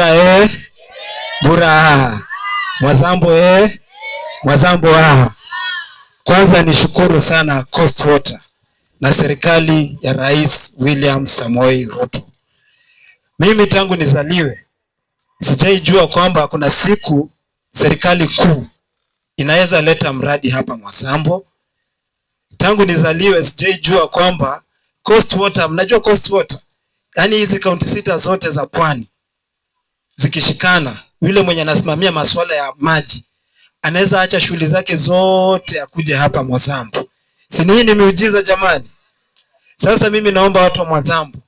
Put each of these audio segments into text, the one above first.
E, eh? buraha Mwazambo e, eh? Mwazambo a, ah. kwanza ni shukuru sana Coast Water na serikali ya Rais William Samoei Ruto. Mimi tangu nizaliwe sijaijua kwamba kuna siku serikali kuu inaweza leta mradi hapa Mwazambo. Tangu nizaliwe sijaijua kwamba Coast Water, mnajua Coast Water, yaani hizi kaunti sita zote za pwani zikishikana, yule mwenye anasimamia masuala ya maji anaweza acha shughuli zake zote akuje hapa Mwazambu. Si hii ni miujiza jamani? Sasa mimi naomba watu wa Mwazambu,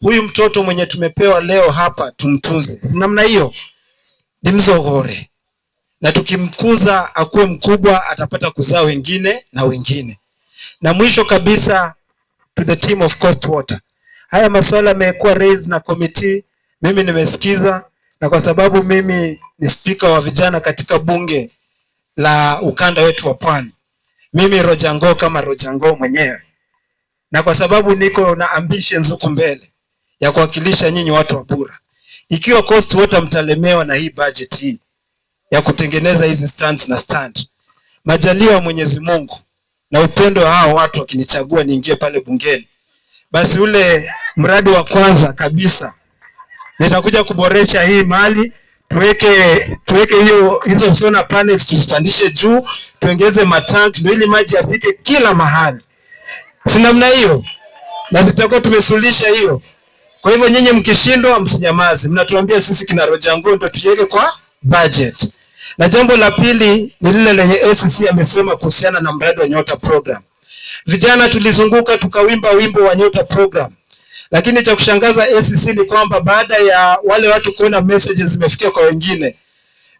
huyu mtoto mwenye tumepewa leo hapa tumtunze namna hiyo, ni mzohore, na tukimkuza akuwe mkubwa, atapata kuzaa wengine na wengine. Na mwisho kabisa, to the team of Coast Water, haya masuala yamekuwa raised na committee, mimi nimesikiza na kwa sababu mimi ni spika wa vijana katika bunge la ukanda wetu wa Pwani, mimi Rojango kama Rojango mwenyewe, na kwa sababu niko na ambitions huku mbele ya kuwakilisha nyinyi watu wa Bura, ikiwa cost wote mtalemewa na hii budget hii ya kutengeneza hizi stands na stand, majaliwa Mwenyezi Mungu na upendo wa hao watu wakinichagua niingie pale bungeni, basi ule mradi wa kwanza kabisa nitakuja kuboresha hii mali, tuweke tuweke hiyo hizo usiona panels, tuzipandishe juu, tuongeze matank, ndio ili maji yafike kila mahali, si namna hiyo? Na zitakuwa tumesuluhisha hiyo. Kwa hivyo nyinyi mkishindwa, msinyamaze, mnatuambia sisi kina Rojangu, ndio tuweke kwa budget. Na jambo la pili ni lile lenye ACC amesema kuhusiana na mradi wa Nyota program. Vijana tulizunguka tukawimba wimbo wa Nyota program lakini cha kushangaza ACC ni kwamba baada ya wale watu kuona messages zimefikia kwa wengine,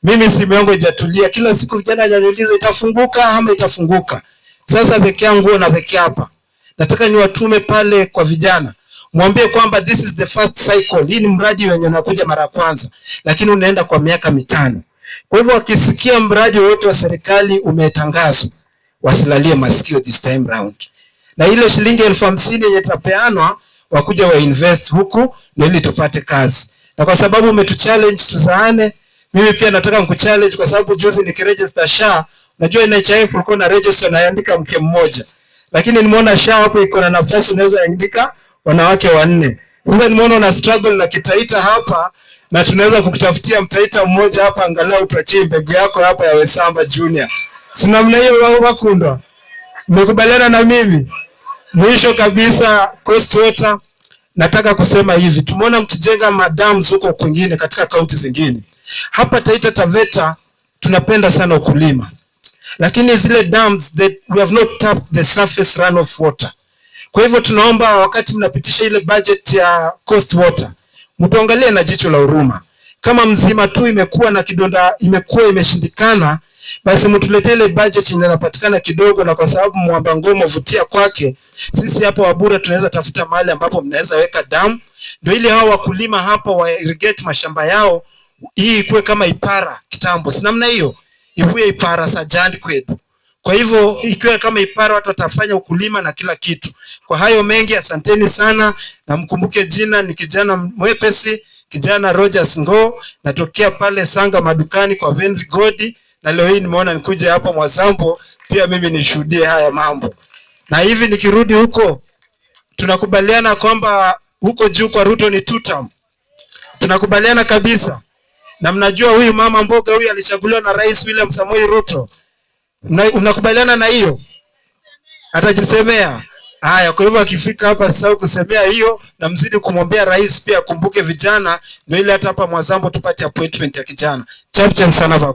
mimi simu yangu haijatulia. Kila siku vijana wananiuliza itafunguka ama itafunguka. Sasa peke yangu na peke hapa, nataka niwatume pale kwa vijana, mwambie kwamba this is the first cycle. Hii ni mradi wenye unakuja mara ya kwanza, lakini unaenda kwa miaka mitano. Kwa hivyo wakisikia mradi wote wa serikali umetangazwa, wasilalie masikio this time round, na ile shilingi elfu hamsini yenye itapeanwa wakuja wa invest huku na ili tupate kazi. Na kwa sababu umetuchallenge tuzaane, mimi pia nataka nikuchallenge kwa sababu juzi nikiregister SHA, unajua NHIF ulikuwa na register naandika mke mmoja. Lakini nimeona SHA hapo iko na nafasi unaweza andika wanawake wanne. Sasa nimeona una struggle na Kitaita hapa na tunaweza kukutafutia Mtaita mmoja hapa angalau utuachie mbegu yako hapa ya Wesamba Junior. Si namna hiyo, Wakundwa? Mmekubaliana na mimi? Mwisho kabisa, Water, nataka kusema hivi, tumeona mkijenga madamu huko kwingine katika kaunti zingine. Hapa Taita Taveta tunapenda sana ukulima, lakini zile dams that we have not tapped the surface runoff water. Kwa hivyo tunaomba wakati mnapitisha ile budget ya Coast Water mtuangalie na jicho la huruma. Kama Mzima tu imekuwa na kidonda, imekuwa imeshindikana basi mtuletee ile bajeti inapatikana kidogo, na kwa sababu mwamba ngoma vutia kwake, sisi hapa Wabura tunaweza tafuta mahali ambapo mnaweza weka damu, ndio ili hao wakulima hapa wa irrigate mashamba yao, hii ikuwe kama Ipara kitambo, si namna hiyo, iwe Ipara sajandi kwetu. Kwa hivyo ikiwa kama Ipara watu watafanya ukulima na kila kitu. Kwa hayo mengi, asanteni sana, na mkumbuke jina ni kijana mwepesi, kijana Rogers Ngo, natokea pale Sanga madukani kwa Venri Godi na leo hii nimeona nikuje hapa Mwasambo pia mimi nishuhudie haya mambo, na hivi nikirudi huko tunakubaliana kwamba huko juu kwa Ruto ni tutam, Tunakubaliana kabisa, na mnajua huyu mama mboga huyu alichaguliwa na Rais William Samoei Ruto. unakubaliana na hiyo, atajisemea haya. Kwa hivyo akifika hapa sasa kusemea hiyo, na mzidi kumwambia rais pia akumbuke vijana, ndio ile hata hapa Mwazambo tupate appointment ya kijana chapchan sana.